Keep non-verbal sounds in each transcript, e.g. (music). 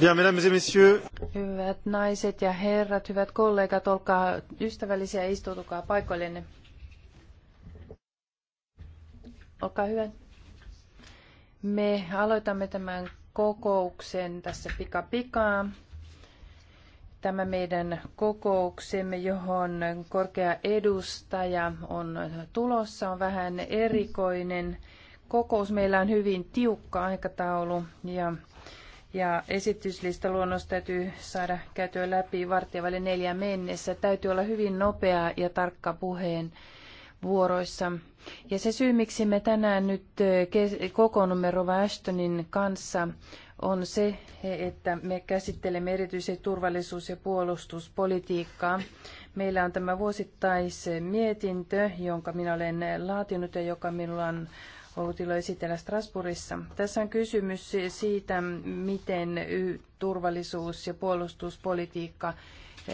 mesdames et messieurs. Hyvät naiset ja herrat, hyvät kollegat, olkaa ystävällisiä ja istutukaa paikoillenne. Olkaa hyvä. Me aloitamme tämän kokouksen tässä pikapikaa. Tämä meidän kokouksemme, johon korkea edustaja on tulossa, on vähän erikoinen kokous. Meillä on hyvin tiukka aikataulu ja ja esityslistaluonnos täytyy saada käytyä läpi vartijavalle neljä mennessä. Täytyy olla hyvin nopea ja tarkka puheen vuoroissa. Ja se syy, miksi me tänään nyt kokoonnumme Rova Ashtonin kanssa, on se, että me käsittelemme erityisesti turvallisuus- ja puolustuspolitiikkaa. Meillä on tämä vuosittaismietintö, jonka minä olen laatinut ja joka minulla on Outilo esitellä Strasbourgissa. Tässä on kysymys siitä, miten turvallisuus- ja puolustuspolitiikka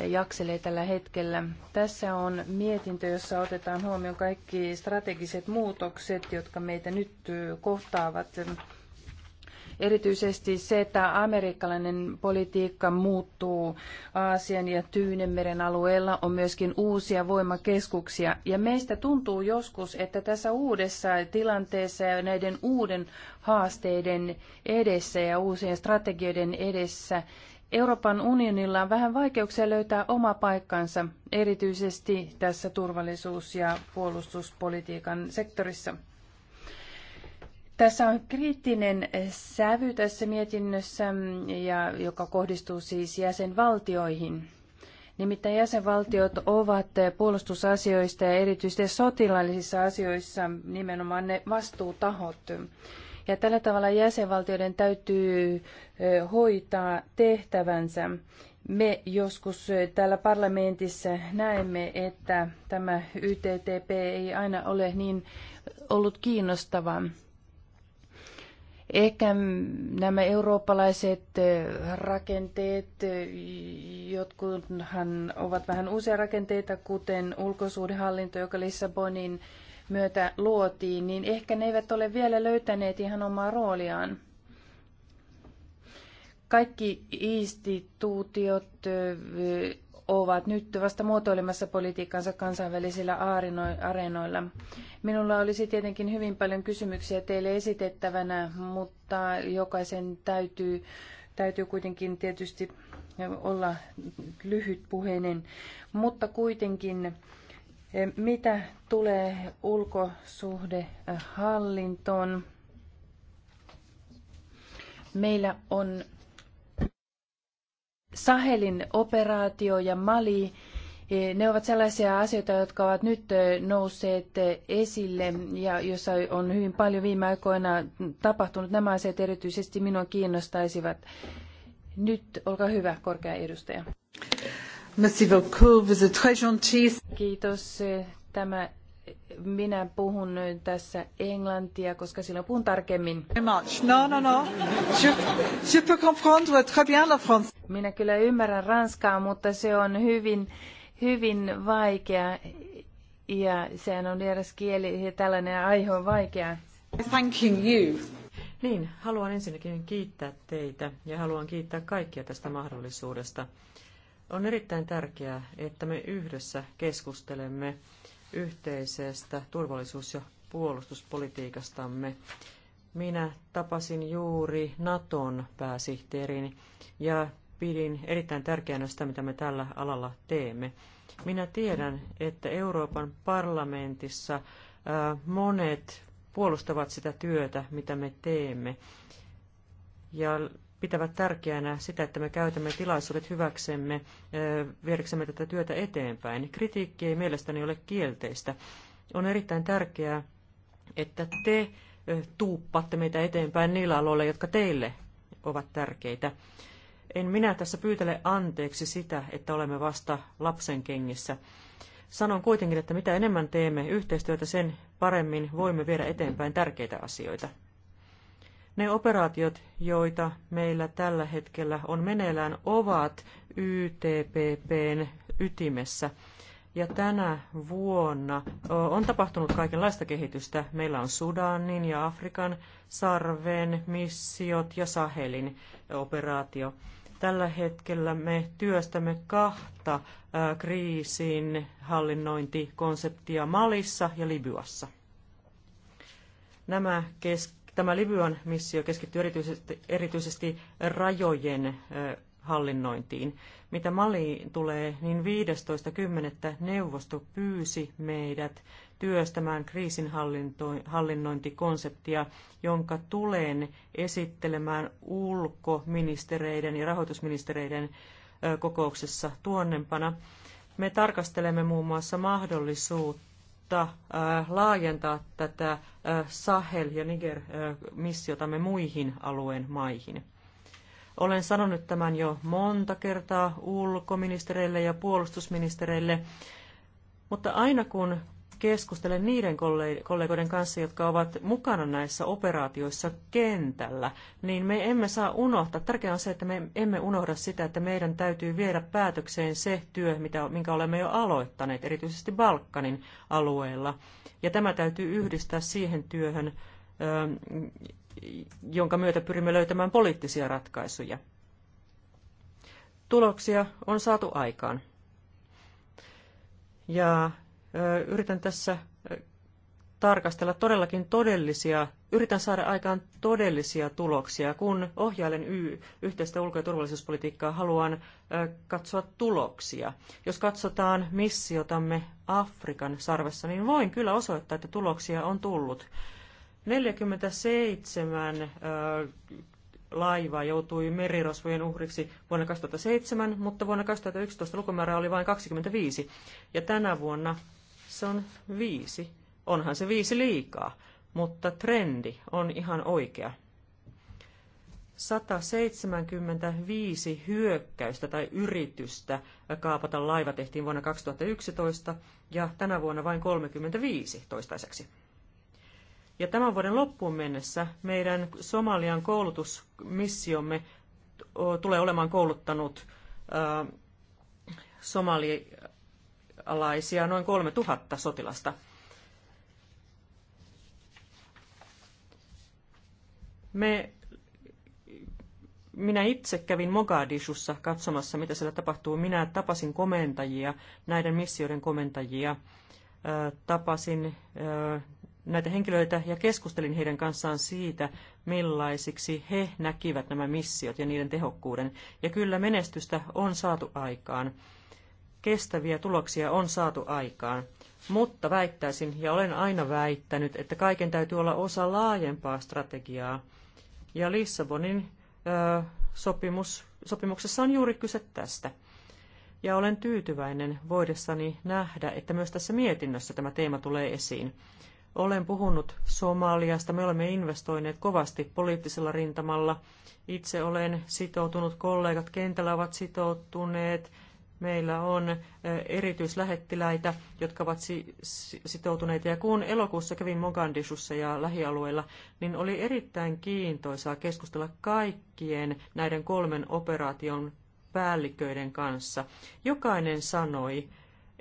jakselee tällä hetkellä. Tässä on mietintö, jossa otetaan huomioon kaikki strategiset muutokset, jotka meitä nyt kohtaavat Erityisesti se, että amerikkalainen politiikka muuttuu Aasian ja Tyynemeren alueella, on myöskin uusia voimakeskuksia. Ja meistä tuntuu joskus, että tässä uudessa tilanteessa ja näiden uuden haasteiden edessä ja uusien strategioiden edessä Euroopan unionilla on vähän vaikeuksia löytää oma paikkansa, erityisesti tässä turvallisuus- ja puolustuspolitiikan sektorissa. Tässä on kriittinen sävy tässä mietinnössä, mm, ja, joka kohdistuu siis jäsenvaltioihin. Nimittäin jäsenvaltiot ovat puolustusasioista ja erityisesti sotilaallisissa asioissa nimenomaan ne vastuutahot. Ja tällä tavalla jäsenvaltioiden täytyy hoitaa tehtävänsä. Me joskus täällä parlamentissa näemme, että tämä YTTP ei aina ole niin ollut kiinnostava. Ehkä nämä eurooppalaiset rakenteet, jotkuthan ovat vähän uusia rakenteita, kuten ulkosuudenhallinto, joka Lissabonin myötä luotiin, niin ehkä ne eivät ole vielä löytäneet ihan omaa rooliaan. Kaikki instituutiot ovat nyt vasta muotoilemassa politiikkansa kansainvälisillä areenoilla. Minulla olisi tietenkin hyvin paljon kysymyksiä teille esitettävänä, mutta jokaisen täytyy, täytyy kuitenkin tietysti olla lyhytpuheinen. Mutta kuitenkin, eh, mitä tulee ulkosuhdehallintoon, meillä on Sahelin operaatio ja Mali, eh, ne ovat sellaisia asioita, jotka ovat nyt eh, nousseet eh, esille ja jossa on hyvin paljon viime aikoina tapahtunut. Nämä asiat erityisesti minua kiinnostaisivat. Nyt olkaa hyvä, korkea edustaja. Merci beaucoup, vous êtes très gentil. Kiitos. Tämä minä puhun nyt tässä englantia, koska silloin puhun tarkemmin. No, no, no. Je, je peux comprendre très bien la France. Minä kyllä ymmärrän ranskaa, mutta se on hyvin, hyvin vaikea. Ja sehän on vieras kieli ja tällainen aihe on vaikea. Thanking you. Niin, haluan ensinnäkin kiittää teitä ja haluan kiittää kaikkia tästä mahdollisuudesta. On erittäin tärkeää, että me yhdessä keskustelemme yhteisestä turvallisuus- ja puolustuspolitiikastamme. Minä tapasin juuri Naton pääsihteerin ja pidin erittäin tärkeänä sitä, mitä me tällä alalla teemme. Minä tiedän, että Euroopan parlamentissa monet puolustavat sitä työtä, mitä me teemme. Ja pitävät tärkeänä sitä, että me käytämme tilaisuudet hyväksemme, viedäksemme tätä työtä eteenpäin. Kritiikki ei mielestäni ole kielteistä. On erittäin tärkeää, että te tuuppatte meitä eteenpäin niillä aloilla, jotka teille ovat tärkeitä. En minä tässä pyytele anteeksi sitä, että olemme vasta lapsen kengissä. Sanon kuitenkin, että mitä enemmän teemme yhteistyötä, sen paremmin voimme viedä eteenpäin tärkeitä asioita. Ne operaatiot, joita meillä tällä hetkellä on meneillään, ovat YTPPn ytimessä. Ja tänä vuonna on tapahtunut kaikenlaista kehitystä. Meillä on Sudanin ja Afrikan sarven missiot ja Sahelin operaatio. Tällä hetkellä me työstämme kahta kriisin hallinnointikonseptia Malissa ja Libyassa. Nämä kes- Tämä Libyan missio keskittyy erityisesti, erityisesti rajojen hallinnointiin. Mitä Maliin tulee, niin 15.10. neuvosto pyysi meidät työstämään kriisinhallinnointikonseptia, jonka tulen esittelemään ulkoministereiden ja rahoitusministereiden kokouksessa tuonnempana. Me tarkastelemme muun muassa mahdollisuutta kautta äh, laajentaa tätä äh, Sahel- ja Niger-missiotamme äh, muihin alueen maihin. Olen sanonut tämän jo monta kertaa ulkoministereille ja puolustusministereille, mutta aina kun keskustelen niiden kollegoiden kanssa, jotka ovat mukana näissä operaatioissa kentällä, niin me emme saa unohtaa. Tärkeää on se, että me emme unohda sitä, että meidän täytyy viedä päätökseen se työ, mitä, minkä olemme jo aloittaneet, erityisesti Balkanin alueella. Ja tämä täytyy yhdistää siihen työhön, ähm, jonka myötä pyrimme löytämään poliittisia ratkaisuja. Tuloksia on saatu aikaan. Ja Yritän tässä tarkastella todellakin todellisia, yritän saada aikaan todellisia tuloksia. Kun ohjailen y- yhteistä ulko- ja turvallisuuspolitiikkaa, haluan katsoa tuloksia. Jos katsotaan missiotamme Afrikan sarvessa, niin voin kyllä osoittaa, että tuloksia on tullut. 47 laiva laivaa joutui merirosvojen uhriksi vuonna 2007, mutta vuonna 2011 lukumäärä oli vain 25. Ja tänä vuonna se on viisi. Onhan se viisi liikaa, mutta trendi on ihan oikea. 175 hyökkäystä tai yritystä kaapata laiva tehtiin vuonna 2011 ja tänä vuonna vain 35 toistaiseksi. Ja tämän vuoden loppuun mennessä meidän Somalian koulutusmissiomme tulee olemaan kouluttanut somali, alaisia noin 3000 sotilasta. Me, minä itse kävin Mogadishussa katsomassa, mitä siellä tapahtuu. Minä tapasin komentajia, näiden missioiden komentajia. Tapasin näitä henkilöitä ja keskustelin heidän kanssaan siitä, millaisiksi he näkivät nämä missiot ja niiden tehokkuuden. Ja kyllä menestystä on saatu aikaan kestäviä tuloksia on saatu aikaan. Mutta väittäisin, ja olen aina väittänyt, että kaiken täytyy olla osa laajempaa strategiaa. Ja Lissabonin ö, sopimus, sopimuksessa on juuri kyse tästä. Ja olen tyytyväinen voidessani nähdä, että myös tässä mietinnössä tämä teema tulee esiin. Olen puhunut Somaliasta, me olemme investoineet kovasti poliittisella rintamalla. Itse olen sitoutunut, kollegat kentällä ovat sitoutuneet, meillä on erityislähettiläitä, jotka ovat sitoutuneita. Ja kun elokuussa kävin Mogandishussa ja lähialueilla, niin oli erittäin kiintoisaa keskustella kaikkien näiden kolmen operaation päälliköiden kanssa. Jokainen sanoi,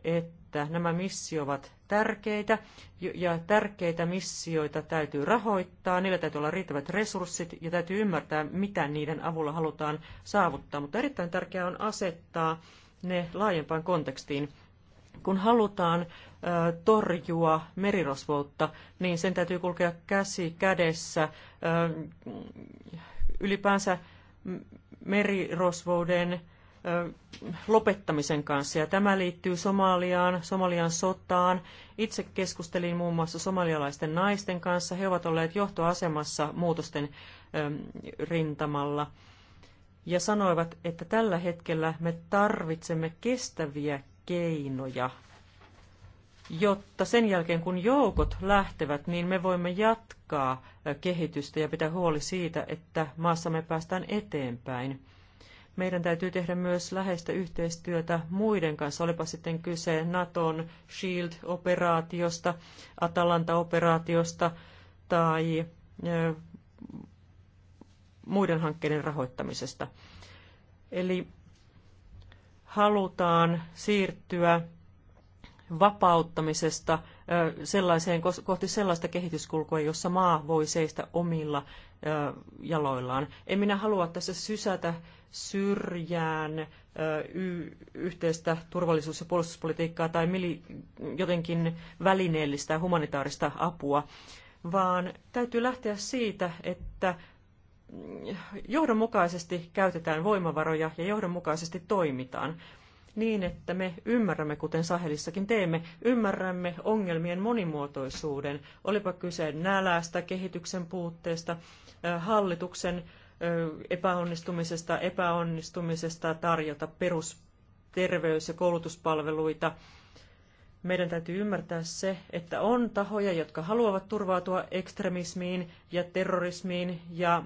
että nämä missiot ovat tärkeitä ja tärkeitä missioita täytyy rahoittaa, niillä täytyy olla riittävät resurssit ja täytyy ymmärtää, mitä niiden avulla halutaan saavuttaa. Mutta erittäin tärkeää on asettaa ne laajempaan kontekstiin. Kun halutaan torjua merirosvoutta, niin sen täytyy kulkea käsi kädessä ylipäänsä merirosvouden lopettamisen kanssa. Ja tämä liittyy Somaliaan, Somalian sotaan. Itse keskustelin muun muassa somalialaisten naisten kanssa. He ovat olleet johtoasemassa muutosten rintamalla ja sanoivat, että tällä hetkellä me tarvitsemme kestäviä keinoja, jotta sen jälkeen kun joukot lähtevät, niin me voimme jatkaa kehitystä ja pitää huoli siitä, että maassamme päästään eteenpäin. Meidän täytyy tehdä myös läheistä yhteistyötä muiden kanssa, olipa sitten kyse Naton Shield-operaatiosta, Atalanta-operaatiosta tai muiden hankkeiden rahoittamisesta. Eli halutaan siirtyä vapauttamisesta sellaiseen, kohti sellaista kehityskulkua, jossa maa voi seistä omilla jaloillaan. En minä halua tässä sysätä syrjään yhteistä turvallisuus- ja puolustuspolitiikkaa tai jotenkin välineellistä humanitaarista apua, vaan täytyy lähteä siitä, että johdonmukaisesti käytetään voimavaroja ja johdonmukaisesti toimitaan niin, että me ymmärrämme, kuten Sahelissakin teemme, ymmärrämme ongelmien monimuotoisuuden. Olipa kyse nälästä, kehityksen puutteesta, hallituksen epäonnistumisesta, epäonnistumisesta tarjota perusterveys- ja koulutuspalveluita. Meidän täytyy ymmärtää se, että on tahoja, jotka haluavat turvautua ekstremismiin ja terrorismiin ja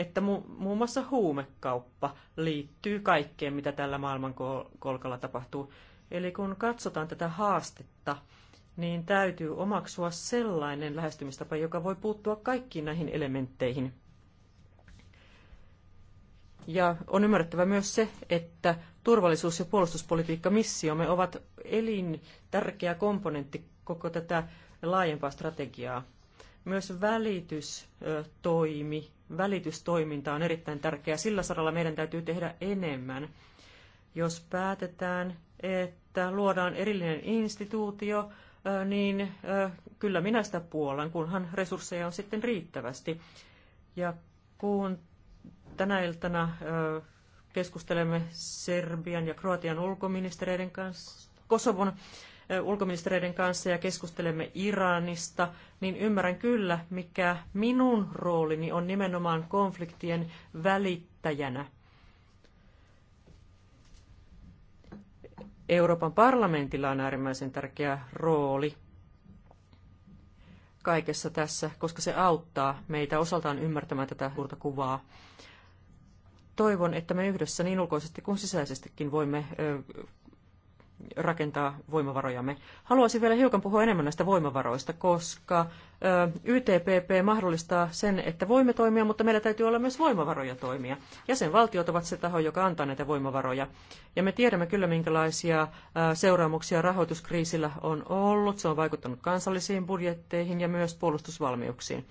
että mu- muun muassa huumekauppa liittyy kaikkeen, mitä tällä maailmankolkalla tapahtuu. Eli kun katsotaan tätä haastetta, niin täytyy omaksua sellainen lähestymistapa, joka voi puuttua kaikkiin näihin elementteihin. Ja on ymmärrettävä myös se, että turvallisuus- ja puolustuspolitiikka missiomme ovat elintärkeä komponentti koko tätä laajempaa strategiaa. Myös välitystoimi, välitystoiminta on erittäin tärkeää. Sillä saralla meidän täytyy tehdä enemmän. Jos päätetään, että luodaan erillinen instituutio, niin kyllä minä sitä puolan, kunhan resursseja on sitten riittävästi. Ja kun tänä iltana keskustelemme Serbian ja Kroatian ulkoministereiden kanssa, Kosovon ulkoministereiden kanssa ja keskustelemme Iranista, niin ymmärrän kyllä, mikä minun roolini on nimenomaan konfliktien välittäjänä. Euroopan parlamentilla on äärimmäisen tärkeä rooli kaikessa tässä, koska se auttaa meitä osaltaan ymmärtämään tätä suurta kuvaa. Toivon, että me yhdessä niin ulkoisesti kuin sisäisestikin voimme rakentaa voimavarojamme. Haluaisin vielä hiukan puhua enemmän näistä voimavaroista, koska YTPP mahdollistaa sen, että voimme toimia, mutta meillä täytyy olla myös voimavaroja toimia. Jäsenvaltiot ovat se taho, joka antaa näitä voimavaroja. Ja me tiedämme kyllä, minkälaisia seuraamuksia rahoituskriisillä on ollut. Se on vaikuttanut kansallisiin budjetteihin ja myös puolustusvalmiuksiin.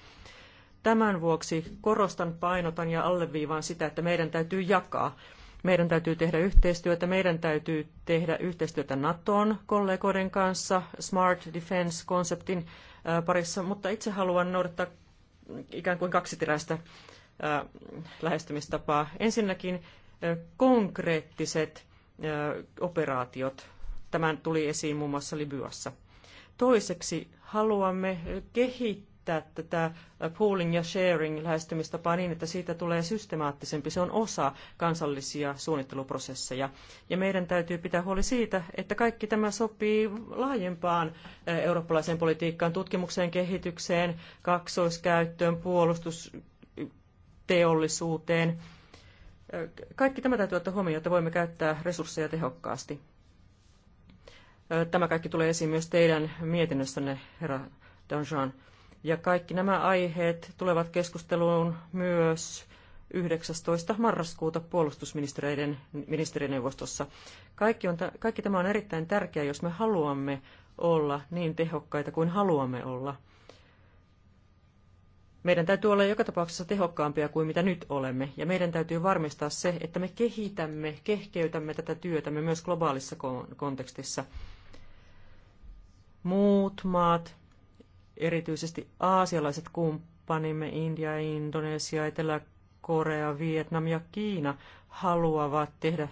Tämän vuoksi korostan, painotan ja alleviivaan sitä, että meidän täytyy jakaa meidän täytyy tehdä yhteistyötä. Meidän täytyy tehdä yhteistyötä Naton kollegoiden kanssa Smart Defense-konseptin parissa, mutta itse haluan noudattaa ikään kuin kaksiteräistä lähestymistapaa. Ensinnäkin konkreettiset operaatiot. Tämän tuli esiin muun muassa Libyassa. Toiseksi haluamme kehittää kehittää tätä pooling ja sharing lähestymistapaa niin, että siitä tulee systemaattisempi. Se on osa kansallisia suunnitteluprosesseja. Ja meidän täytyy pitää huoli siitä, että kaikki tämä sopii laajempaan eh, eurooppalaiseen politiikkaan, tutkimukseen, kehitykseen, kaksoiskäyttöön, puolustusteollisuuteen. Eh, kaikki tämä täytyy ottaa huomioon, että voimme käyttää resursseja tehokkaasti. Eh, tämä kaikki tulee esiin myös teidän mietinnössänne, herra Danjean. Ja kaikki nämä aiheet tulevat keskusteluun myös 19. marraskuuta puolustusministeriöiden ministerineuvostossa. Kaikki, on, kaikki tämä on erittäin tärkeää, jos me haluamme olla niin tehokkaita kuin haluamme olla. Meidän täytyy olla joka tapauksessa tehokkaampia kuin mitä nyt olemme, ja meidän täytyy varmistaa se, että me kehitämme, kehkeytämme tätä työtämme myös globaalissa kontekstissa. Muut maat, erityisesti aasialaiset kumppanimme, India, Indonesia, Etelä-Korea, Vietnam ja Kiina, haluavat tehdä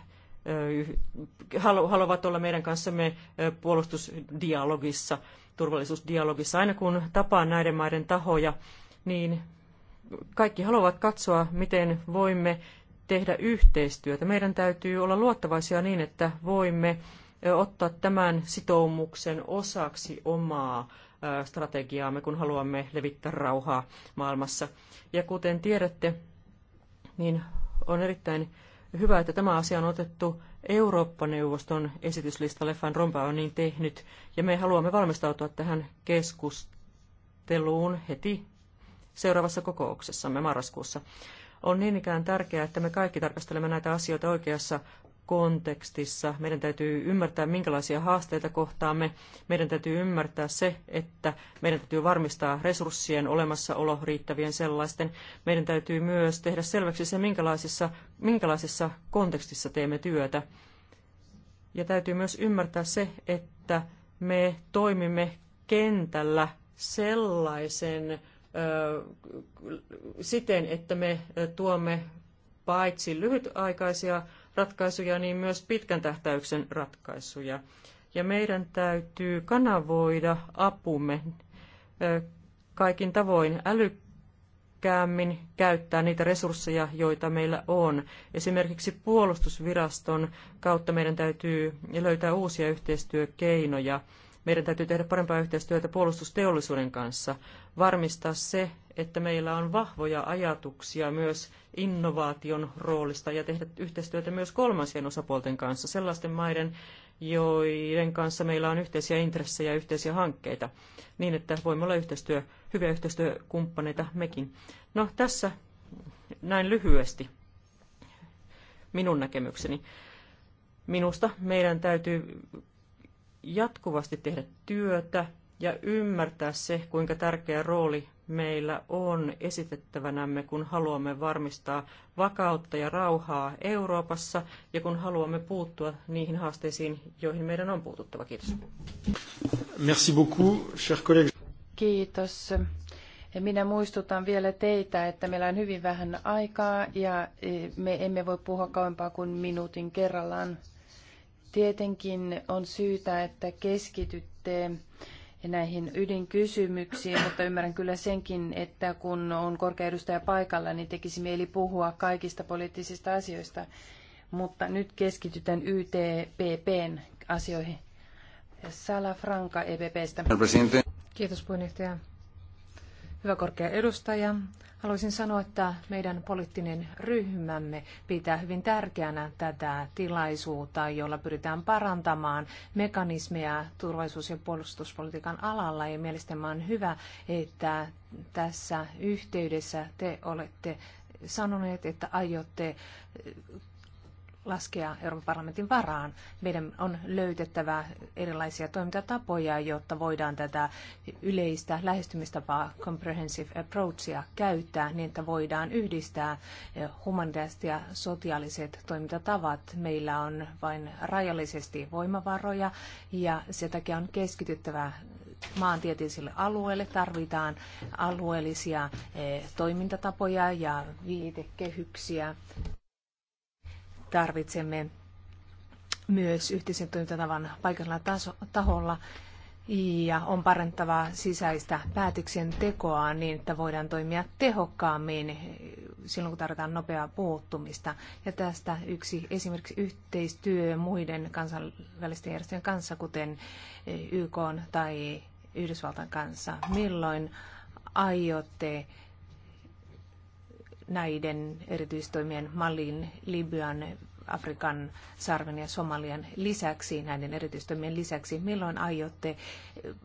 haluavat olla meidän kanssamme puolustusdialogissa, turvallisuusdialogissa. Aina kun tapaan näiden maiden tahoja, niin kaikki haluavat katsoa, miten voimme tehdä yhteistyötä. Meidän täytyy olla luottavaisia niin, että voimme ottaa tämän sitoumuksen osaksi omaa strategiaamme, kun haluamme levittää rauhaa maailmassa. Ja kuten tiedätte, niin on erittäin hyvä, että tämä asia on otettu Eurooppa-neuvoston esityslistalle. Van Rompuy on niin tehnyt, ja me haluamme valmistautua tähän keskusteluun heti seuraavassa kokouksessamme marraskuussa. On niin ikään tärkeää, että me kaikki tarkastelemme näitä asioita oikeassa kontekstissa. Meidän täytyy ymmärtää, minkälaisia haasteita kohtaamme. Meidän täytyy ymmärtää se, että meidän täytyy varmistaa resurssien olemassaolo riittävien sellaisten. Meidän täytyy myös tehdä selväksi se, minkälaisessa, minkälaisessa kontekstissa teemme työtä. Ja täytyy myös ymmärtää se, että me toimimme kentällä sellaisen ö, siten, että me tuomme paitsi lyhytaikaisia ratkaisuja, niin myös pitkän tähtäyksen ratkaisuja. Ja meidän täytyy kanavoida apumme kaikin tavoin älykkäämmin käyttää niitä resursseja, joita meillä on. Esimerkiksi puolustusviraston kautta meidän täytyy löytää uusia yhteistyökeinoja. Meidän täytyy tehdä parempaa yhteistyötä puolustusteollisuuden kanssa, varmistaa se, että meillä on vahvoja ajatuksia myös innovaation roolista ja tehdä yhteistyötä myös kolmansien osapuolten kanssa, sellaisten maiden, joiden kanssa meillä on yhteisiä intressejä ja yhteisiä hankkeita, niin että voimme olla yhteistyö, hyviä yhteistyökumppaneita mekin. No tässä näin lyhyesti minun näkemykseni. Minusta meidän täytyy jatkuvasti tehdä työtä ja ymmärtää se, kuinka tärkeä rooli meillä on esitettävänämme, kun haluamme varmistaa vakautta ja rauhaa Euroopassa ja kun haluamme puuttua niihin haasteisiin, joihin meidän on puututtava. Kiitos. Merci beaucoup, cher collègue. Kiitos. Minä muistutan vielä teitä, että meillä on hyvin vähän aikaa ja e, me emme voi puhua kauempaa kuin minuutin kerrallaan. Tietenkin on syytä, että keskitytte näihin ydinkysymyksiin, mutta ymmärrän kyllä senkin, että kun on korkea edustaja paikalla, niin tekisi mieli puhua kaikista poliittisista asioista. Mutta nyt keskitytään YTPPn asioihin. Sala Franka EPPstä. Kiitos puheenjohtaja. Hyvä korkea edustaja, haluaisin sanoa, että meidän poliittinen ryhmämme pitää hyvin tärkeänä tätä tilaisuutta, jolla pyritään parantamaan mekanismeja turvallisuus- ja puolustuspolitiikan alalla. Ja mielestäni on hyvä, että tässä yhteydessä te olette sanoneet, että aiotte laskea Euroopan parlamentin varaan. Meidän on löytettävä erilaisia toimintatapoja, jotta voidaan tätä yleistä lähestymistapaa, comprehensive approachia, käyttää niin, että voidaan yhdistää eh, humanitaariset ja sosiaaliset toimintatavat. Meillä on vain rajallisesti voimavaroja ja sen takia on keskityttävä maantieteellisille alueille tarvitaan alueellisia eh, toimintatapoja ja viitekehyksiä tarvitsemme myös yhteisen toimintatavan paikallisella taso- taholla ja on parantavaa sisäistä päätöksentekoa niin, että voidaan toimia tehokkaammin silloin, kun tarvitaan nopeaa puuttumista. Ja tästä yksi esimerkiksi yhteistyö muiden kansainvälisten järjestöjen kanssa, kuten YK tai Yhdysvaltain kanssa. Milloin aiotte näiden erityistoimien Malin, Libyan, Afrikan sarven ja Somalian lisäksi, näiden erityistoimien lisäksi, milloin aiotte eh,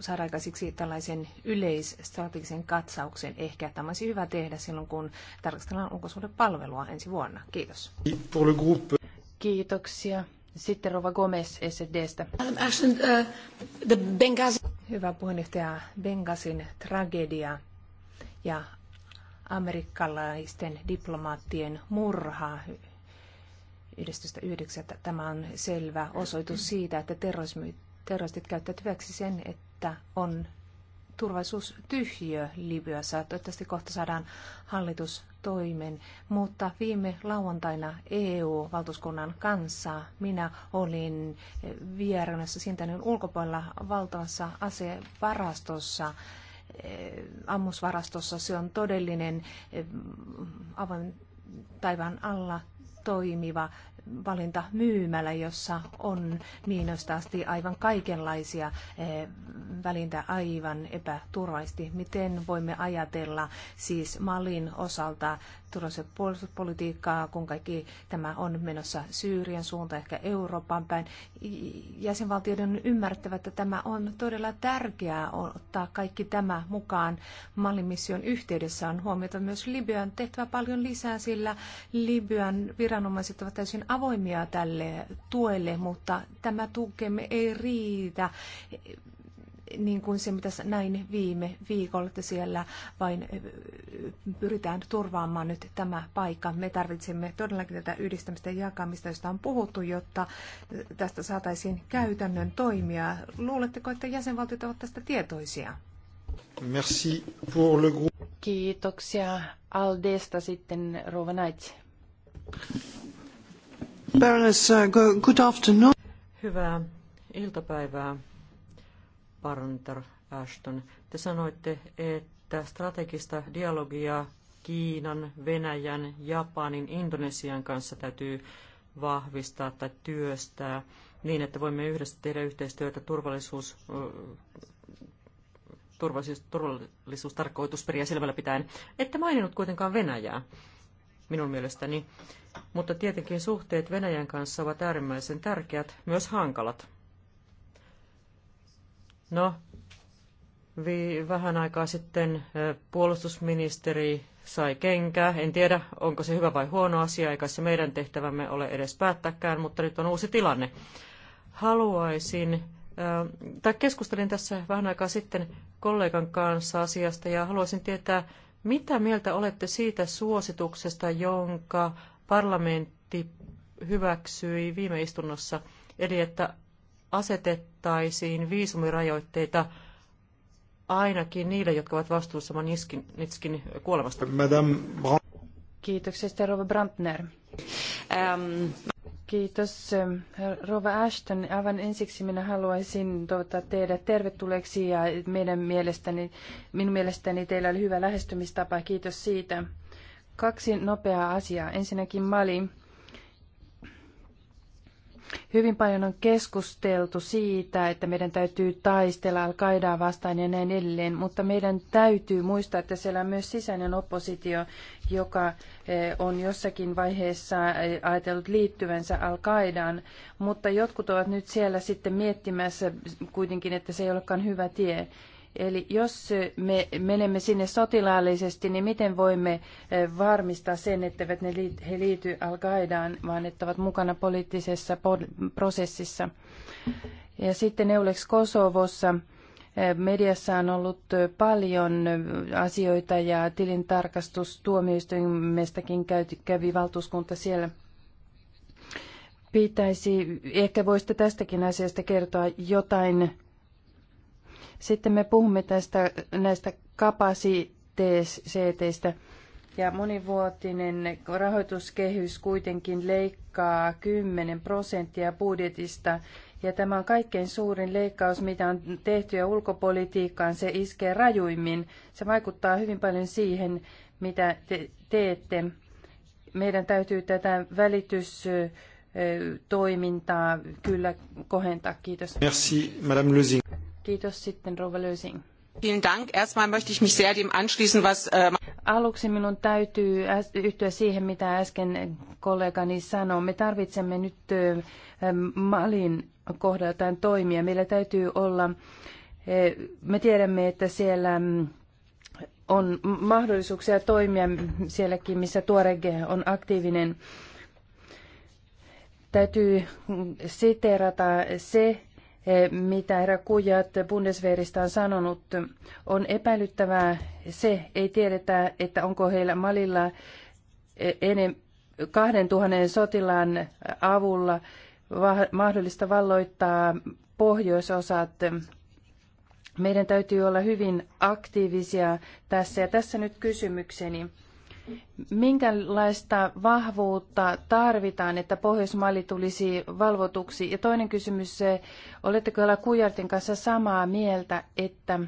saada aikaisiksi tällaisen yleisstrategisen katsauksen. Ehkä tämä olisi hyvä tehdä silloin, kun tarkastellaan ulkosuhdepalvelua ensi vuonna. Kiitos. Kiitoksia. Sitten Rova Gomez SDstä. Uh, hyvä puheenjohtaja Bengasin tragedia ja amerikkalaisten diplomaattien murha 11.9. Tämä on selvä osoitus siitä, että terroristit käyttävät hyväksi sen, että on turvallisuustyhjiö Libyassa. Toivottavasti kohta saadaan hallitus toimen, mutta viime lauantaina EU-valtuuskunnan kanssa minä olin vieraanassa Sintänen ulkopuolella valtavassa asevarastossa Eh, ammusvarastossa. Se on todellinen eh, avoin taivaan alla toimiva valintamyymälä, jossa on miinosta asti aivan kaikenlaisia eh, välintä aivan epäturvallisesti. Miten voimme ajatella siis Malin osalta turvallisuus- puolustuspolitiikkaa, kun kaikki tämä on menossa Syyrian suuntaan, ehkä Euroopan päin. Jäsenvaltioiden on ymmärrettävä, että tämä on todella tärkeää ottaa kaikki tämä mukaan. Malin mission yhteydessä on huomiota myös Libyan tehtävä paljon lisää, sillä Libyan vir- viranomaiset ovat täysin avoimia tälle tuelle, mutta tämä tukemme ei riitä niin kuin se, mitä näin viime viikolla, että siellä vain pyritään turvaamaan nyt tämä paikka. Me tarvitsemme todellakin tätä yhdistämistä ja jakamista, josta on puhuttu, jotta tästä saataisiin käytännön toimia. Luuletteko, että jäsenvaltiot ovat tästä tietoisia? Merci pour le group. Kiitoksia Aldesta sitten Rouva Baroness, uh, good afternoon. Hyvää iltapäivää, Parantar Ashton. Te sanoitte, että strategista dialogia Kiinan, Venäjän, Japanin, Indonesian kanssa täytyy vahvistaa tai työstää niin, että voimme yhdessä tehdä yhteistyötä turvallisuus, turvallisuus, turvallisuustarkoitusperiä silmällä pitäen. Ette maininnut kuitenkaan Venäjää minun mielestäni. Mutta tietenkin suhteet Venäjän kanssa ovat äärimmäisen tärkeät, myös hankalat. No, vi- vähän aikaa sitten puolustusministeri sai kenkää. En tiedä, onko se hyvä vai huono asia, eikä se meidän tehtävämme ole edes päättäkään, mutta nyt on uusi tilanne. Haluaisin, tai keskustelin tässä vähän aikaa sitten kollegan kanssa asiasta ja haluaisin tietää, mitä mieltä olette siitä suosituksesta, jonka parlamentti hyväksyi viime istunnossa, eli että asetettaisiin viisumirajoitteita ainakin niille, jotka ovat vastuussa Manitskin kuolemasta? Kiitoksia, Rova Brandner. Ähm, Kiitos. Rova Ashton, aivan ensiksi minä haluaisin tuota, tehdä tervetulleeksi ja meidän mielestäni, minun mielestäni teillä oli hyvä lähestymistapa. Kiitos siitä. Kaksi nopeaa asiaa. Ensinnäkin Mali. Hyvin paljon on keskusteltu siitä, että meidän täytyy taistella al qaidaa vastaan ja näin edelleen, mutta meidän täytyy muistaa, että siellä on myös sisäinen oppositio, joka eh, on jossakin vaiheessa eh, ajatellut liittyvänsä al qaidaan mutta jotkut ovat nyt siellä sitten miettimässä kuitenkin, että se ei olekaan hyvä tie. Eli jos me menemme sinne sotilaallisesti, niin miten voimme eh, varmistaa sen, että ne he liity Al-Qaidaan, vaan että ovat mukana poliittisessa prosessissa. Ja sitten Eulex Kosovossa eh, mediassa on ollut eh, paljon asioita ja tilintarkastus tuomioistuimestakin kävi valtuuskunta siellä pitäisi, ehkä voisitte tästäkin asiasta kertoa jotain sitten me puhumme tästä, näistä kapasiteeseteistä. Ja monivuotinen rahoituskehys kuitenkin leikkaa 10 prosenttia budjetista. Ja tämä on kaikkein suurin leikkaus, mitä on tehty ja ulkopolitiikkaan se iskee rajuimmin. Se vaikuttaa hyvin paljon siihen, mitä te teette. Meidän täytyy tätä välitystoimintaa kyllä kohentaa. Kiitos. Merci, Madame Kiitos sitten Rova Lösing. Äh, Aluksi minun täytyy yhtyä siihen, mitä äsken kollegani sanoi. Me tarvitsemme nyt Malin kohdaltaan toimia. Meillä täytyy olla, me tiedämme, että siellä mm, on mahdollisuuksia toimia sielläkin, missä Tuorege on aktiivinen. Täytyy mm, siteerata se, mitä herra Kujat Bundeswehrista on sanonut, on epäilyttävää se, ei tiedetä, että onko heillä Malilla e, enem, 2000 sotilaan avulla mahdollista valloittaa pohjoisosat. Meidän täytyy olla hyvin aktiivisia tässä. Ja tässä nyt kysymykseni. Minkälaista vahvuutta tarvitaan, että Pohjoismaali tulisi valvotuksi? Ja toinen kysymys, oletteko olla Kujartin kanssa samaa mieltä, että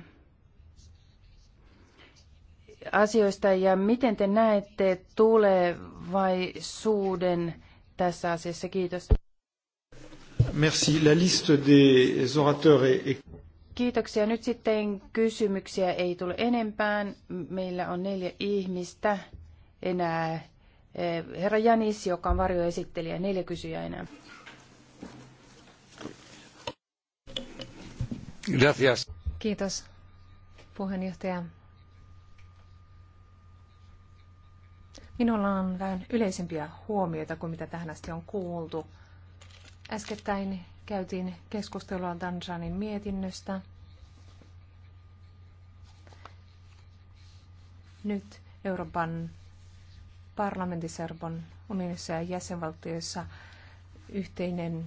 asioista ja miten te näette tulevaisuuden tässä asiassa? Kiitos. Merci. La liste des orateurs est... Kiitoksia. Nyt sitten kysymyksiä ei tule enempään. Meillä on neljä ihmistä enää eh, herra Janis, joka on varjoesittelijä, neljä kysyjä enää. Gracias. Kiitos puheenjohtaja. Minulla on vähän yleisempiä huomioita kuin mitä tähän asti on kuultu. Äskettäin käytiin keskustelua Danjanin mietinnöstä. Nyt Euroopan parlamentissa, Euroopan unionissa ja jäsenvaltioissa yhteinen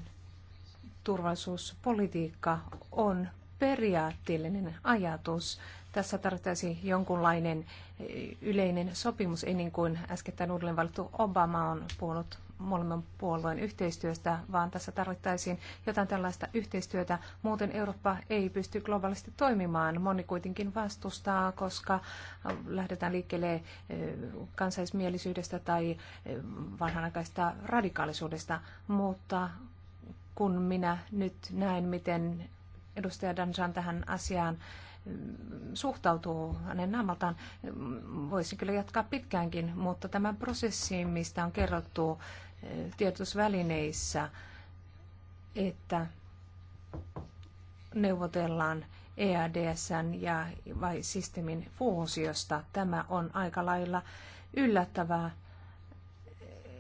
turvallisuuspolitiikka on periaatteellinen ajatus. Tässä tarvittaisi jonkunlainen eh, yleinen sopimus, ennen kuin äskettäin uudelleen valittu Obama on puhunut molemmin puolueen yhteistyöstä, vaan tässä tarvittaisiin jotain tällaista yhteistyötä. Muuten Eurooppa ei pysty globaalisti toimimaan. Moni kuitenkin vastustaa, koska äh, lähdetään liikkeelle äh, kansallismielisyydestä tai äh, vanhanaikaista radikaalisuudesta. Mutta kun minä nyt näen, miten edustaja Danjan tähän asiaan suhtautuu hänen naamaltaan. Voisi kyllä jatkaa pitkäänkin, mutta tämä prosessi, mistä on kerrottu tiedotusvälineissä, että neuvotellaan EADSn ja vai systeemin fuusiosta. Tämä on aika lailla yllättävää,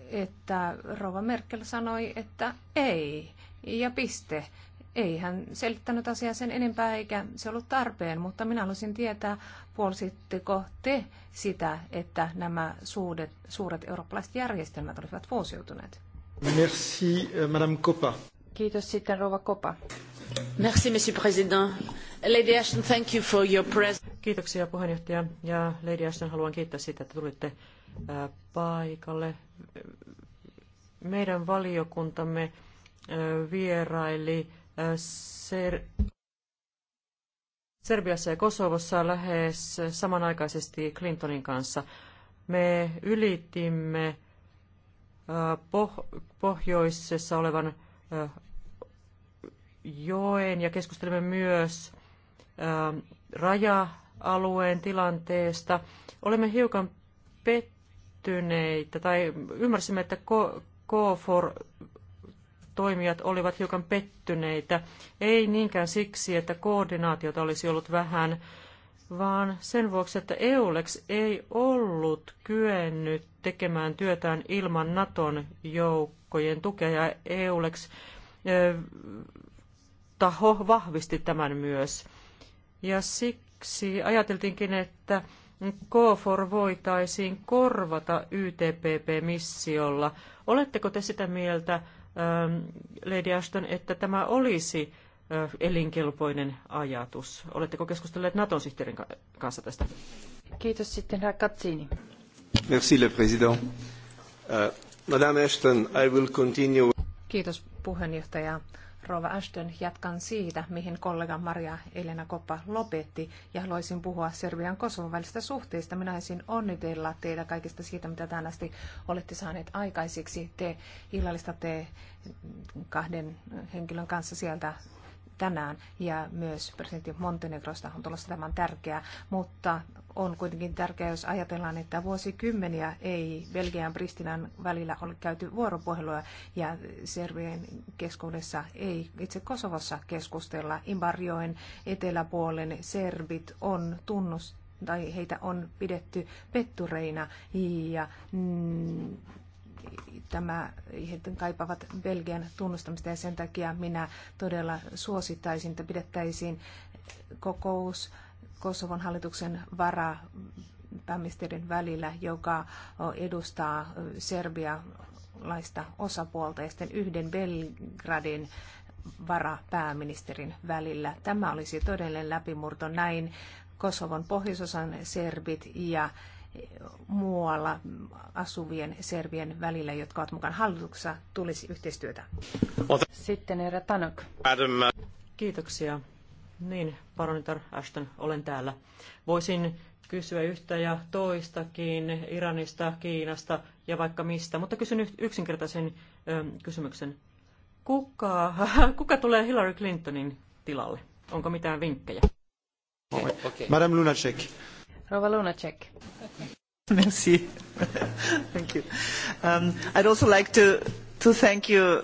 että Rova Merkel sanoi, että ei ja piste. Ei hän selittänyt asiaa sen enempää eikä se ollut tarpeen, mutta minä haluaisin tietää, puolsitteko te sitä, että nämä suuret, suuret eurooppalaiset järjestelmät olisivat fuusioituneet? Merci, euh, Madame Kopa. Kiitos sitten, rouva Kopa. Merci, Monsieur President. Lady Ashton, thank you for your presence. Kiitoksia puheenjohtaja ja Lady Ashton haluan kiittää siitä, että tulitte äh, paikalle. Meidän valiokuntamme äh, vieraili Ser- Serbiassa ja Kosovossa lähes samanaikaisesti Clintonin kanssa. Me ylitimme äh, poh- pohjoisessa olevan äh, joen ja keskustelimme myös ähm, raja-alueen tilanteesta. Olemme hiukan pettyneitä tai ymmärsimme, että KFOR toimijat olivat hiukan pettyneitä. Ei niinkään siksi, että koordinaatiota olisi ollut vähän, vaan sen vuoksi, että EULEX ei ollut kyennyt tekemään työtään ilman Naton joukkojen tukea ja EULEX taho vahvisti tämän myös. Ja siksi ajateltiinkin, että KFOR voitaisiin korvata YTPP-missiolla. Oletteko te sitä mieltä, Ähm, Lady Ashton, että tämä olisi äh, elinkelpoinen ajatus. Oletteko keskustelleet Naton sihteerin kanssa tästä? Kiitos sitten, herra Katsini. Merci, le président. Uh, Madame Ashton, I will continue. Kiitos puheenjohtaja. Rova Ashton, jatkan siitä, mihin kollega Maria Elena Koppa lopetti ja haluaisin puhua Serbian Kosovon välistä suhteista. Minä haluaisin onnitella teitä kaikista siitä, mitä tähän asti olette saaneet aikaiseksi. Te illallistatte kahden henkilön kanssa sieltä tänään ja myös presidentti Montenegrosta on tulossa tämän tärkeää, mutta on kuitenkin tärkeää, jos ajatellaan, että vuosikymmeniä ei Belgian Pristinan välillä ole käyty vuoropuhelua ja Servien keskuudessa ei itse Kosovossa keskustella. Imbarjoen eteläpuolen serbit on tunnus tai heitä on pidetty pettureina ja mm, tämä, he kaipaavat Belgian tunnustamista ja sen takia minä todella suosittaisin, että pidettäisiin kokous Kosovon hallituksen vara pääministerin välillä, joka edustaa serbialaista osapuolta ja sitten yhden Belgradin varapääministerin välillä. Tämä olisi todellinen läpimurto näin Kosovon pohjoisosan serbit ja muualla asuvien servien välillä, jotka ovat mukaan hallituksessa, tulisi yhteistyötä. Sitten Eera Tanok. Uh, Kiitoksia. Niin, paronitar Ashton, olen täällä. Voisin kysyä yhtä ja toistakin Iranista, Kiinasta ja vaikka mistä, mutta kysyn yksinkertaisen ö, kysymyksen. Kuka, (laughs) kuka tulee Hillary Clintonin tilalle? Onko mitään vinkkejä? Okay. Madame Lunacek. Rova Lunacek. Merci. (laughs) thank you. Um, I'd also like to, to thank you.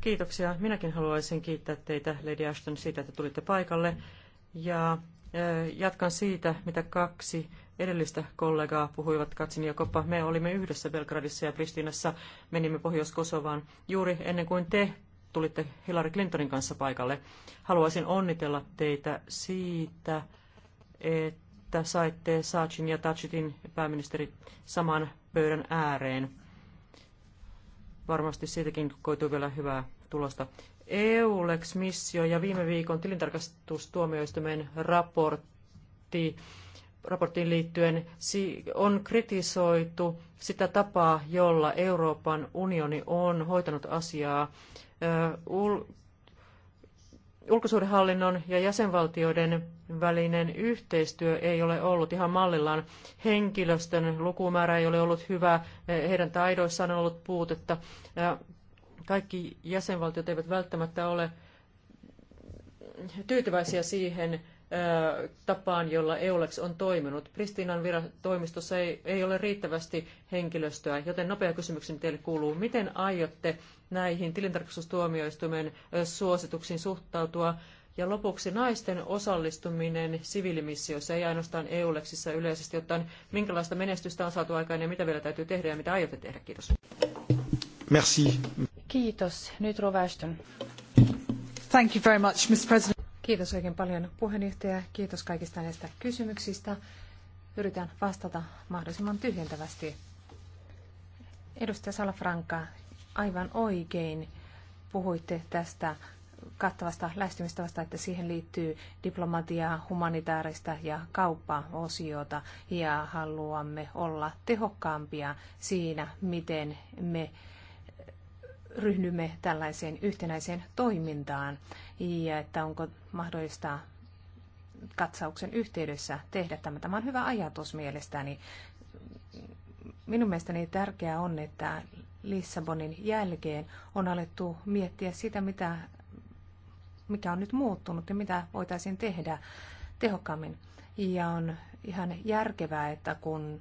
Kiitoksia. Minäkin haluaisin kiittää teitä, Lady Ashton, siitä, että tulitte paikalle. Ja jatkan siitä, mitä kaksi edellistä kollegaa puhuivat Katsin ja Koppa. Me olimme yhdessä Belgradissa ja Pristinassa, menimme Pohjois-Kosovaan juuri ennen kuin te tulitte Hillary Clintonin kanssa paikalle. Haluaisin onnitella teitä siitä, että että saitte Saachin ja Tachitin pääministerit saman pöydän ääreen. Varmasti siitäkin koituu vielä hyvää tulosta. EU-lex missio ja viime viikon tilintarkastustuomioistuimen raportti, raporttiin liittyen on kritisoitu sitä tapaa, jolla Euroopan unioni on hoitanut asiaa ulkosuudenhallinnon ja jäsenvaltioiden välinen yhteistyö ei ole ollut ihan mallillaan. Henkilöstön lukumäärä ei ole ollut hyvä, heidän taidoissaan on ollut puutetta. Kaikki jäsenvaltiot eivät välttämättä ole tyytyväisiä siihen, tapaan, jolla EULEX on toiminut. Pristiinan toimistossa ei, ei ole riittävästi henkilöstöä, joten nopea kysymykseni teille kuuluu, miten aiotte näihin tilintarkastustuomioistuimen suosituksiin suhtautua? Ja lopuksi naisten osallistuminen siviilimissioissa, ei ainoastaan EULEXissa yleisesti ottaen, minkälaista menestystä on saatu aikaan ja mitä vielä täytyy tehdä ja mitä aiotte tehdä? Kiitos. Merci. Kiitos. Nyt Rovaston. Thank you very much, Mr. President. Kiitos oikein paljon puheenjohtaja. Kiitos kaikista näistä kysymyksistä. Yritän vastata mahdollisimman tyhjentävästi. Edustaja Salafranka, aivan oikein puhuitte tästä kattavasta lähestymistavasta, että siihen liittyy diplomatiaa, humanitaarista ja kauppaosiota ja haluamme olla tehokkaampia siinä, miten me ryhdymme tällaiseen yhtenäiseen toimintaan ja että onko mahdollista katsauksen yhteydessä tehdä tämä. Tämä on hyvä ajatus mielestäni. Minun mielestäni tärkeää on, että Lissabonin jälkeen on alettu miettiä sitä, mitä, mikä on nyt muuttunut ja mitä voitaisiin tehdä tehokkaammin. Ja on ihan järkevää, että kun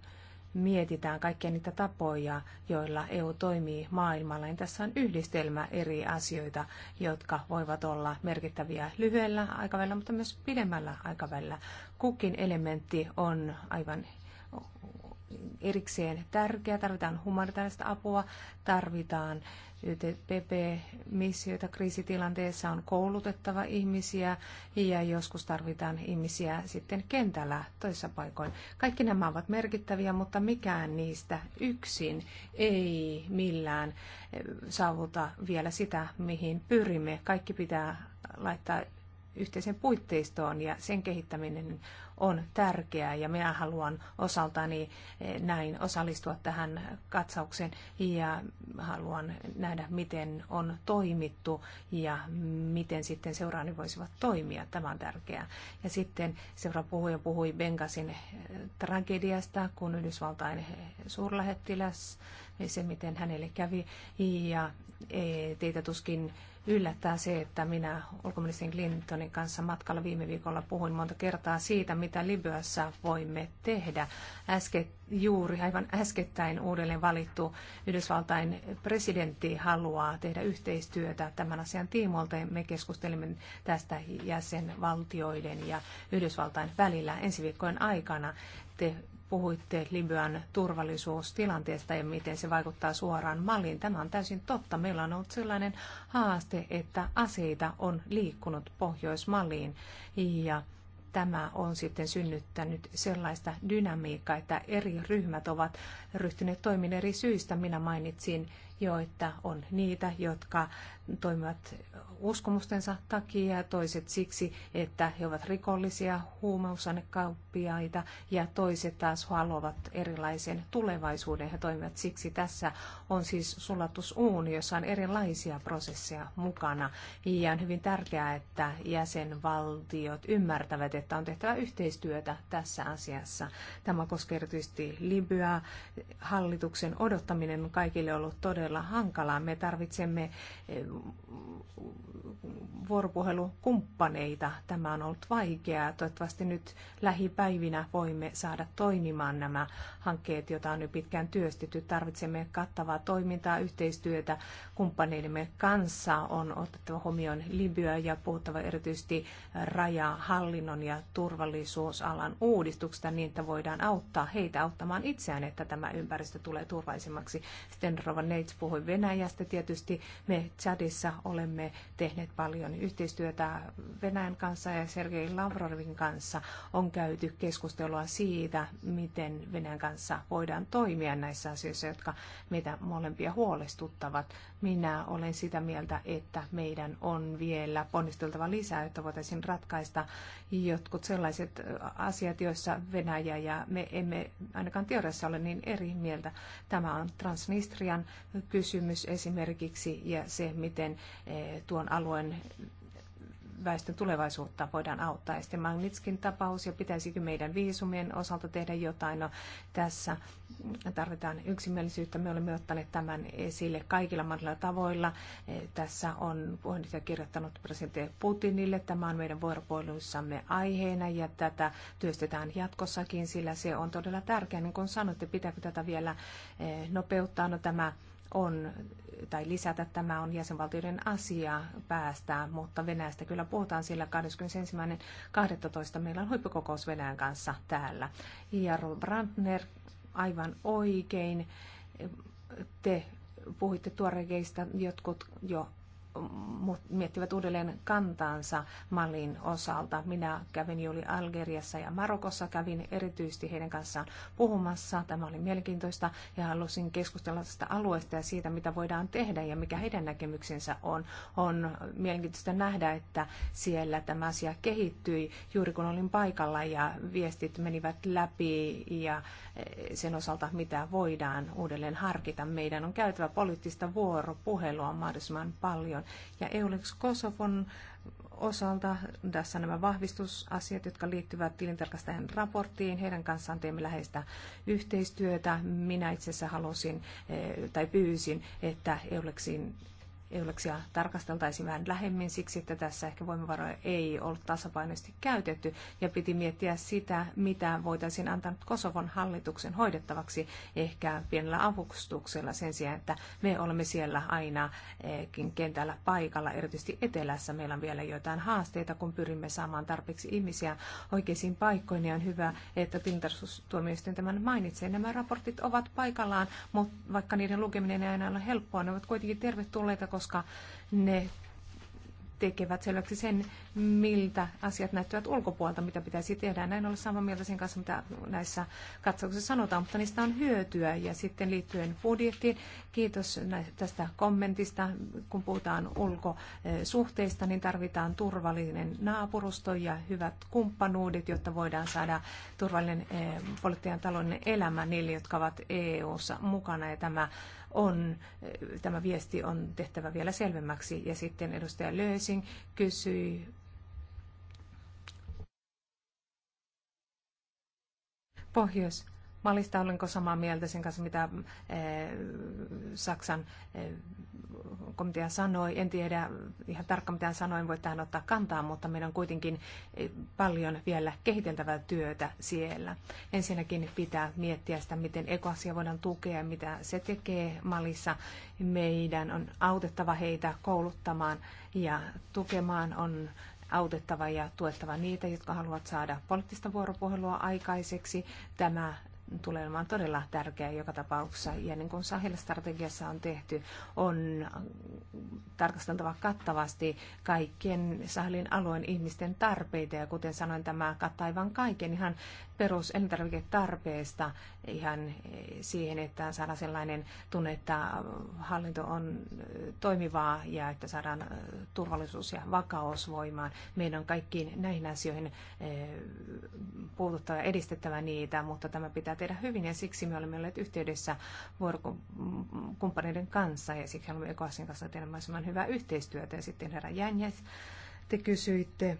mietitään kaikkia niitä tapoja, joilla EU toimii maailmalla, niin tässä on yhdistelmä eri asioita, jotka voivat olla merkittäviä lyhyellä aikavälillä, mutta myös pidemmällä aikavälillä. Kukin elementti on aivan erikseen tärkeä. Tarvitaan humanitaarista apua, tarvitaan YTPP-missioita kriisitilanteessa, on koulutettava ihmisiä ja joskus tarvitaan ihmisiä sitten kentällä toissa paikoin. Kaikki nämä ovat merkittäviä, mutta mikään niistä yksin ei millään eh, saavuta vielä sitä, mihin pyrimme. Kaikki pitää laittaa yhteisen puitteistoon ja sen kehittäminen on tärkeää ja minä haluan osaltani eh, näin osallistua tähän katsaukseen ja haluan nähdä, miten on toimittu ja miten sitten seuraani voisivat toimia. Tämä on tärkeää. Ja sitten seuraava puhuja puhui Bengasin eh, tragediasta, kun Yhdysvaltain eh, suurlähettiläs, niin se miten hänelle kävi ja teitä tuskin yllättää se, että minä ulkoministeri Clintonin kanssa matkalla viime viikolla puhuin monta kertaa siitä, mitä Libyassa voimme tehdä. Äske, juuri aivan äskettäin uudelleen valittu Yhdysvaltain presidentti haluaa tehdä yhteistyötä tämän asian tiimoilta. Me keskustelimme tästä jäsenvaltioiden ja Yhdysvaltain välillä ensi viikkojen aikana. Te puhuitte Libyan turvallisuustilanteesta ja miten se vaikuttaa suoraan malliin. Tämä on täysin totta. Meillä on ollut sellainen haaste, että aseita on liikkunut pohjoismalliin, ja tämä on sitten synnyttänyt sellaista dynamiikkaa, että eri ryhmät ovat ryhtyneet toimin eri syistä. Minä mainitsin joita on niitä, jotka toimivat uskomustensa takia ja toiset siksi, että he ovat rikollisia, huumausainekauppiaita ja toiset taas haluavat erilaisen tulevaisuuden. He toimivat siksi. Tässä on siis sulatusuuni, jossa on erilaisia prosesseja mukana. Ja on hyvin tärkeää, että jäsenvaltiot ymmärtävät, että on tehtävä yhteistyötä tässä asiassa. Tämä koskee erityisesti Libyaa. Hallituksen odottaminen on kaikille ollut todella todella hankalaa. Me tarvitsemme eh, vuoropuhelukumppaneita. Tämä on ollut vaikeaa. Toivottavasti nyt lähipäivinä voimme saada toimimaan nämä hankkeet, joita on nyt pitkään työstetty. Tarvitsemme kattavaa toimintaa, yhteistyötä kumppaneidemme kanssa. On otettava huomioon Libya ja puhuttava erityisesti rajahallinnon ja turvallisuusalan uudistuksesta niin, että voidaan auttaa heitä auttamaan itseään, että tämä ympäristö tulee turvallisemmaksi. Sitten Rova Neits puhuin puhui Venäjästä. Tietysti me Chadissa olemme tehneet paljon yhteistyötä Venäjän kanssa ja Sergei Lavrovin kanssa on käyty keskustelua siitä, miten Venäjän kanssa voidaan toimia näissä asioissa, jotka meitä molempia huolestuttavat. Minä olen sitä mieltä, että meidän on vielä ponnisteltava lisää, jotta voitaisiin ratkaista jotkut sellaiset asiat, joissa Venäjä ja me emme ainakaan teoriassa ole niin eri mieltä. Tämä on Transnistrian kysymys esimerkiksi ja se, miten eh, tuon alueen väestön tulevaisuutta voidaan auttaa. Ja sitten Magnitskin tapaus ja pitäisikö meidän viisumien osalta tehdä jotain. No, tässä tarvitaan yksimielisyyttä. Me olemme ottaneet tämän esille kaikilla mahdollisilla tavoilla. Eh, tässä on puheenjohtaja kirjoittanut presidentti Putinille. Tämä on meidän vuoropuoluissamme aiheena ja tätä työstetään jatkossakin, sillä se on todella tärkeää. Niin kuin sanoitte, pitääkö tätä vielä eh, nopeuttaa? No, tämä on tai lisätä tämä on jäsenvaltioiden asia päästää, mutta Venäjästä kyllä puhutaan sillä 21.12. meillä on huippukokous Venäjän kanssa täällä. Ja Brandner, aivan oikein, te puhuitte tuoreista jotkut jo miettivät uudelleen kantaansa Malin osalta. Minä kävin juuri Algeriassa ja Marokossa, kävin erityisesti heidän kanssaan puhumassa. Tämä oli mielenkiintoista ja halusin keskustella tästä alueesta ja siitä, mitä voidaan tehdä ja mikä heidän näkemyksensä on. On mielenkiintoista nähdä, että siellä tämä asia kehittyi juuri kun olin paikalla ja viestit menivät läpi ja sen osalta, mitä voidaan uudelleen harkita. Meidän on käytävä poliittista vuoropuhelua mahdollisimman paljon. Ja Eulex Kosovon osalta tässä nämä vahvistusasiat, jotka liittyvät tilintarkastajan raporttiin. Heidän kanssaan teemme läheistä yhteistyötä. Minä itse asiassa halusin eh, tai pyysin, että Eulexin euleksia tarkasteltaisiin vähän lähemmin siksi, että tässä ehkä voimavaroja ei ollut tasapainoisesti käytetty ja piti miettiä sitä, mitä voitaisiin antaa Kosovon hallituksen hoidettavaksi ehkä pienellä avustuksella sen sijaan, että me olemme siellä aina eh, kentällä paikalla, erityisesti etelässä meillä on vielä joitain haasteita, kun pyrimme saamaan tarpeeksi ihmisiä oikeisiin paikkoihin ja on hyvä, että tilintarkastustuomioistuin tämän mainitsee. Nämä raportit ovat paikallaan, mutta vaikka niiden lukeminen ei aina ole helppoa, ne ovat kuitenkin tervetulleita, koska ne tekevät selväksi sen, miltä asiat näyttävät ulkopuolelta, mitä pitäisi tehdä. Näin olla samaa mieltä sen kanssa, mitä näissä katsauksissa sanotaan, mutta niistä on hyötyä. Ja sitten liittyen budjettiin, kiitos tästä kommentista. Kun puhutaan ulkosuhteista, niin tarvitaan turvallinen naapurusto ja hyvät kumppanuudet, jotta voidaan saada turvallinen eh, poliittinen taloudellinen elämä niille, jotka ovat EU-ssa mukana. Ja tämä on, eh, tämä viesti on tehtävä vielä selvemmäksi. Ja sitten edustaja Löysin kysyi Pohjois. Malista olenko samaa mieltä sen kanssa, mitä eh, Saksan eh, komitea sanoi. En tiedä ihan tarkkaan mitä sanoi, en voi tähän ottaa kantaa, mutta meillä on kuitenkin eh, paljon vielä kehiteltävää työtä siellä. Ensinnäkin pitää miettiä sitä, miten ekoasia voidaan tukea, mitä se tekee Malissa. Meidän on autettava heitä kouluttamaan ja tukemaan on autettava ja tuettava niitä, jotka haluavat saada poliittista vuoropuhelua aikaiseksi. Tämä tulee olemaan todella tärkeä joka tapauksessa. Ja niin kuin Sahel-strategiassa on tehty, on tarkasteltava kattavasti kaikkien Sahelin alueen ihmisten tarpeita. Ja kuten sanoin, tämä kattaa aivan kaiken ihan peruselintarviketarpeesta ihan siihen, että saadaan sellainen tunne, että hallinto on toimivaa ja että saadaan turvallisuus ja vakaus voimaan. Meidän on kaikkiin näihin asioihin eh, puututtava ja edistettävä niitä, mutta tämä pitää tehdä hyvin ja siksi me olemme olleet yhteydessä vuorokumppaneiden kanssa ja siksi olemme Ekoasin kanssa tehdä mahdollisimman hyvää yhteistyötä. Ja sitten herra Jänjäs, te kysyitte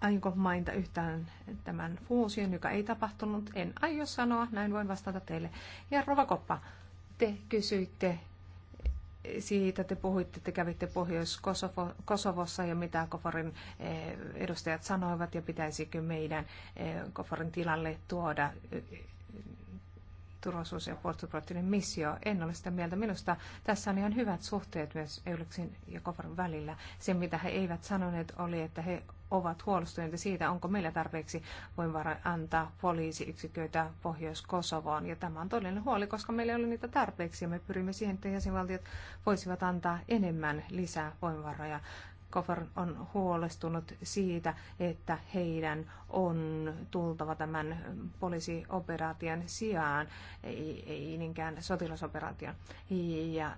aionko mainita yhtään tämän fuusion, joka ei tapahtunut? En aio sanoa, näin voin vastata teille. Ja Rovakoppa, te kysyitte siitä te puhuitte, te kävitte Pohjois-Kosovossa ja mitä Koforin eh, edustajat sanoivat ja pitäisikö meidän eh, Koforin tilalle tuoda eh, turvallisuus- ja puolustuspoliittinen missio. En ole sitä mieltä. Minusta tässä on ihan hyvät suhteet myös Euleksin ja Koforin välillä. Se, mitä he eivät sanoneet, oli, että he ovat huolestuneita siitä, onko meillä tarpeeksi voimavaroja antaa poliisiyksiköitä Pohjois-Kosovoon. Ja tämä on todellinen huoli, koska meillä ei ole niitä tarpeeksi ja me pyrimme siihen, että jäsenvaltiot voisivat antaa enemmän lisää voimavaroja. Kofor on huolestunut siitä, että heidän on tultava tämän poliisioperaation sijaan, ei, ei niinkään sotilasoperaation. Ja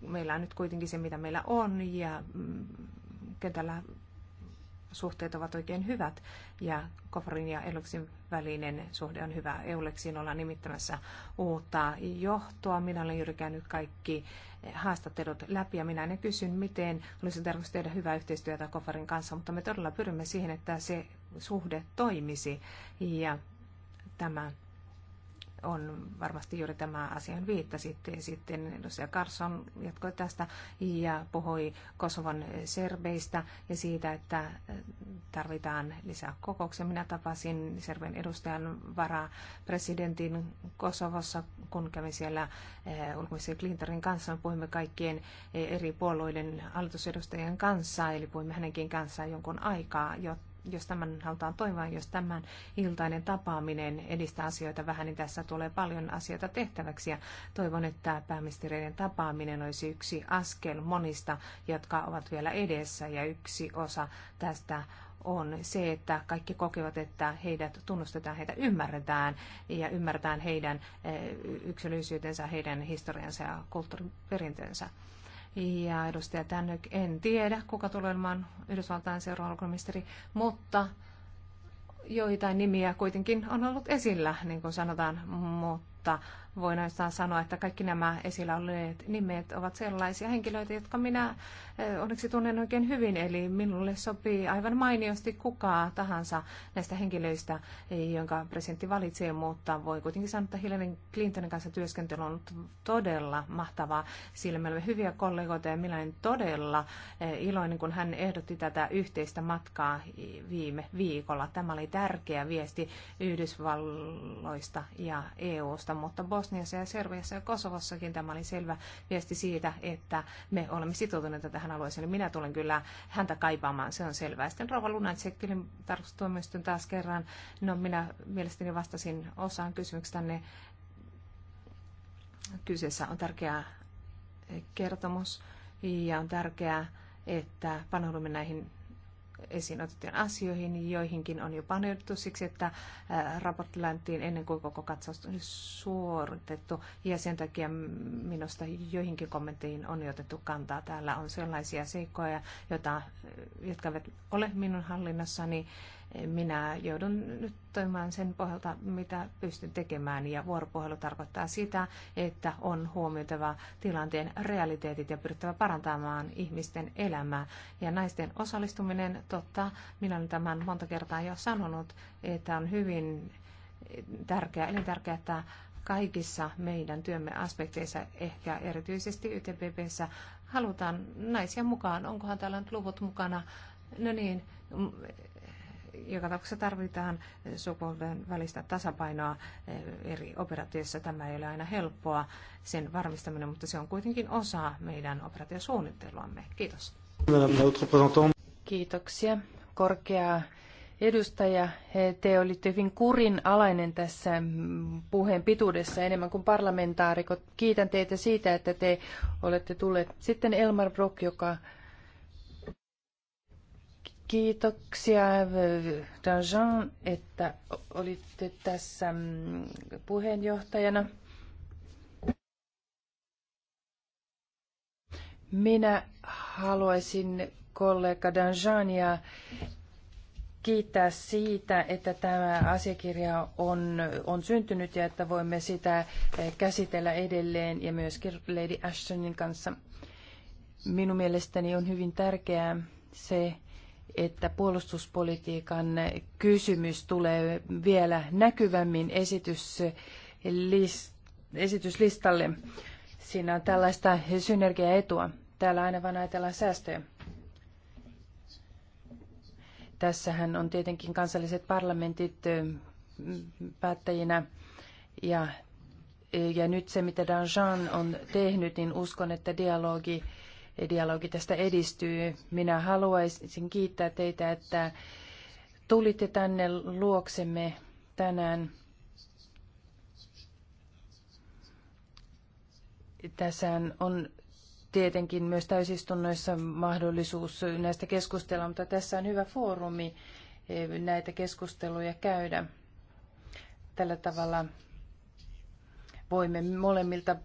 meillä on nyt kuitenkin se, mitä meillä on, ja mm, kentällä suhteet ovat oikein hyvät ja kofarin ja Euleksin välinen suhde on hyvä. Euleksiin ollaan nimittämässä uutta johtoa. Minä olen juuri käynyt kaikki eh, haastattelut läpi ja minä aina kysyn, miten olisi tarkoitus tehdä hyvää yhteistyötä Kofarin kanssa, mutta me todella pyrimme siihen, että se suhde toimisi ja tämä on varmasti juuri tämä asia viittasitte. Sitten, sitten edustaja Carson jatkoi tästä ja puhui Kosovan serbeistä ja siitä, että tarvitaan lisää kokouksia. Minä tapasin Serbian edustajan varapresidentin Kosovossa, kun kävin siellä eh, ulkoministeri Clintonin kanssa. Me puhuimme kaikkien eh, eri puolueiden hallitusedustajien kanssa, eli puhuimme hänenkin kanssaan jonkun aikaa, jotta jos tämän halutaan toivoa, jos tämän iltainen tapaaminen edistää asioita vähän, niin tässä tulee paljon asioita tehtäväksi. Ja toivon, että pääministeriöiden tapaaminen olisi yksi askel monista, jotka ovat vielä edessä. Ja yksi osa tästä on se, että kaikki kokevat, että heidät tunnustetaan, heitä ymmärretään ja ymmärretään heidän eh, yksilöllisyytensä, heidän historiansa ja kulttuuriperintönsä ja edustaja Tännyk, en tiedä kuka tulee olemaan Yhdysvaltain seuraava ulkoministeri, mutta joitain nimiä kuitenkin on ollut esillä, niin kuin sanotaan, mutta mutta voin oikeastaan sanoa, että kaikki nämä esillä olleet nimet ovat sellaisia henkilöitä, jotka minä eh, onneksi tunnen oikein hyvin. Eli minulle sopii aivan mainiosti kuka tahansa näistä henkilöistä, eh, jonka presidentti valitsee, mutta voi kuitenkin sanoa, että Hillary Clintonin kanssa työskentely on ollut todella mahtavaa, sillä meillä olemme hyviä kollegoita ja minä olen todella eh, iloinen, kun hän ehdotti tätä yhteistä matkaa viime viikolla. Tämä oli tärkeä viesti Yhdysvalloista ja EUsta mutta Bosniassa ja Serbiassa ja Kosovossakin tämä oli selvä viesti siitä, että me olemme sitoutuneita tähän alueeseen. Minä tulen kyllä häntä kaipaamaan, se on selvää. Sitten Rova Lunatsekilin tarkastustuomioistuin taas kerran. No minä mielestäni vastasin osaan kysymyksestänne. Kyseessä on tärkeä kertomus ja on tärkeää, että panoudumme näihin esiin otettujen asioihin, joihinkin on jo paneuduttu siksi, että raportti lähtiin ennen kuin koko katsaus oli suoritettu. Ja sen takia minusta joihinkin kommentteihin on jo otettu kantaa. Täällä on sellaisia seikkoja, jota, jotka eivät ole minun hallinnassani. Niin minä joudun nyt toimimaan sen pohjalta, mitä pystyn tekemään. Ja vuoropuhelu tarkoittaa sitä, että on huomioitava tilanteen realiteetit ja pyrittävä parantamaan ihmisten elämää. Ja naisten osallistuminen, totta, minä olen tämän monta kertaa jo sanonut, että on hyvin tärkeää, elintärkeää, että kaikissa meidän työmme aspekteissa, ehkä erityisesti YTPPssä, halutaan naisia mukaan. Onkohan täällä nyt luvut mukana? No niin, joka tapauksessa tarvitaan sukupolven välistä tasapainoa eh, eri operaatioissa. Tämä ei ole aina helppoa sen varmistaminen, mutta se on kuitenkin osa meidän operaatiosuunnitteluamme. Kiitos. Kiitoksia. Korkea edustaja, te olitte hyvin alainen tässä puheen pituudessa enemmän kuin parlamentaarikot. Kiitän teitä siitä, että te olette tulleet. Sitten Elmar Brock, joka Kiitoksia, Dajan, että olitte tässä mm, puheenjohtajana. Minä haluaisin kollega Danjania kiittää siitä, että tämä asiakirja on, on syntynyt ja että voimme sitä eh, käsitellä edelleen ja myös Lady Ashtonin kanssa. Minun mielestäni on hyvin tärkeää se, että puolustuspolitiikan kysymys tulee vielä näkyvämmin esityslistalle. Siinä on tällaista synergiaetua. Täällä aina vain ajatellaan säästöjä. Tässähän on tietenkin kansalliset parlamentit päättäjinä ja, ja nyt se, mitä Dan Jean on tehnyt, niin uskon, että dialogi dialogi tästä edistyy. Minä haluaisin kiittää teitä, että tulitte tänne luoksemme tänään. Tässä on tietenkin myös täysistunnoissa mahdollisuus näistä keskustella, mutta tässä on hyvä foorumi eh, näitä keskusteluja käydä. Tällä tavalla voimme molemmilta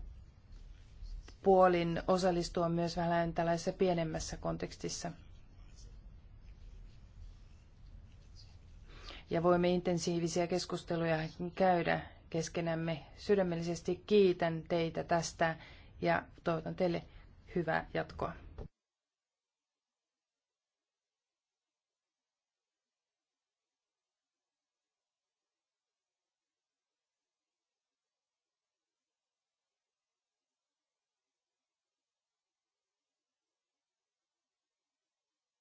puolin osallistua myös vähän tällaisessa pienemmässä kontekstissa. Ja voimme intensiivisiä keskusteluja käydä keskenämme. Sydämellisesti kiitän teitä tästä ja toivotan teille hyvää jatkoa.